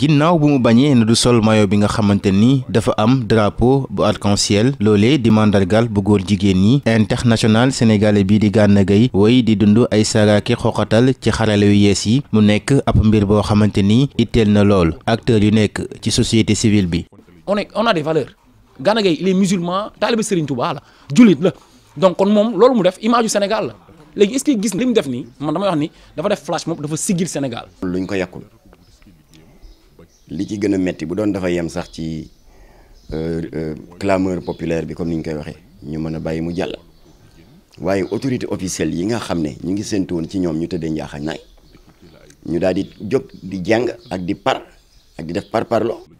ginnaaw bu mu bañee na du sol mayo bi nga xamante ni dafa am drapeau bu arc en loolee di mandargal bu góor jigéen ñi international sénégalais bi di Gana Gueye woy di dund ay saraaki xoqatal ci xarale yu yees yi mu nekk ab mbir boo xamante ni itteel na lool acteur yu nekk ci société civile bi. on est on a des valeurs Gana Gueye il est musulman taalibe Serigne Touba la jullit la donc kon moom loolu mu def image yu Sénégal la léegi est gis li mu def nii man damay ni dafa def flash mob dafa sigil Sénégal. luñ ko yàqul. li ci gën a metti bu doon dafa yem sax ci euh, euh, clameur populaire bi comme ni ñu koy waxee ñu mën a bàyyi mu jàll waaye autorité officielle yi nga xam ne ñu ngi séentu woon ci ñoom ñu tëddee njaaxaanaay ñu daal di jóg di jàng ak di par ak di def par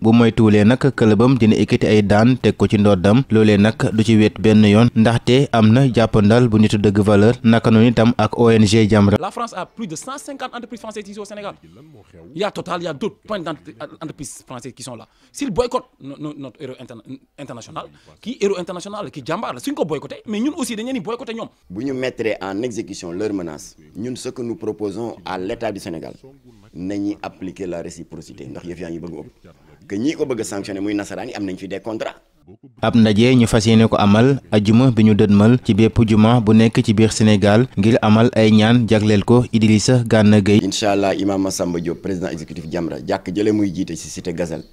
bu moytuwulee nag këlëbam dina ekkati ay daan teg ko ci ndoddam loolee nag du ci wet benn yoon ndaxte am na jàppandal bu nitu dëgg valeur naka noonu itam ak ONG Jamra. La France a ko boycotté mais ñun aussi dañu leen di ñoom. bu ñu mettre en exécution leur menace ñun ce que nous proposons à l'État du Sénégal nañu appliquer la réciprocité yaa ngi bëgg ubbi que ñii ko bëgg a sanctionné muy nasaraan yi am nañ fi des contrats. ab ndaje ñu fas yéene ko amal ajuma bi ñu dëdmal ci bépp juma bu nekk ci biir Sénégal ngir amal ay ñaan jagleel ko Idrissa Gana Gueye. incha allah imaam Massamba Diop président exécutif Jamra jàkk jële muy jiite ci cité Gazelle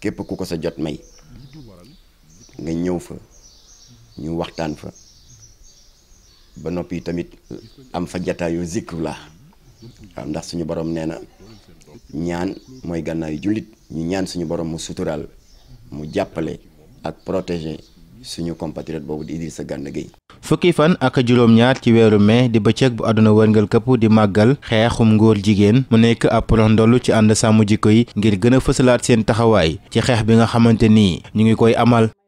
képp ku ko sa jot may nga ñëw fa ñu waxtaan fa ba noppi tamit am fa jataayu zikru la waaw ndax suñu borom nee na. ñaan mooy gànnaayu jullit ñu ñaan suñu borom mu suturaal mu jàppale ak protéger suñu compatriote boobu di Idrissa Gana Gueye fukki fan aka juróom-ñaar ci weeru mais di bëccëg bu àdduna wërngal këpp di màggal xeexum ngóor jigéen mu nekk ab ndollu ci ànd sàmm jikko yi ngir gën a fësalaat seen taxawaay ci xeex bi nga xamante nii ñu ngi koy amal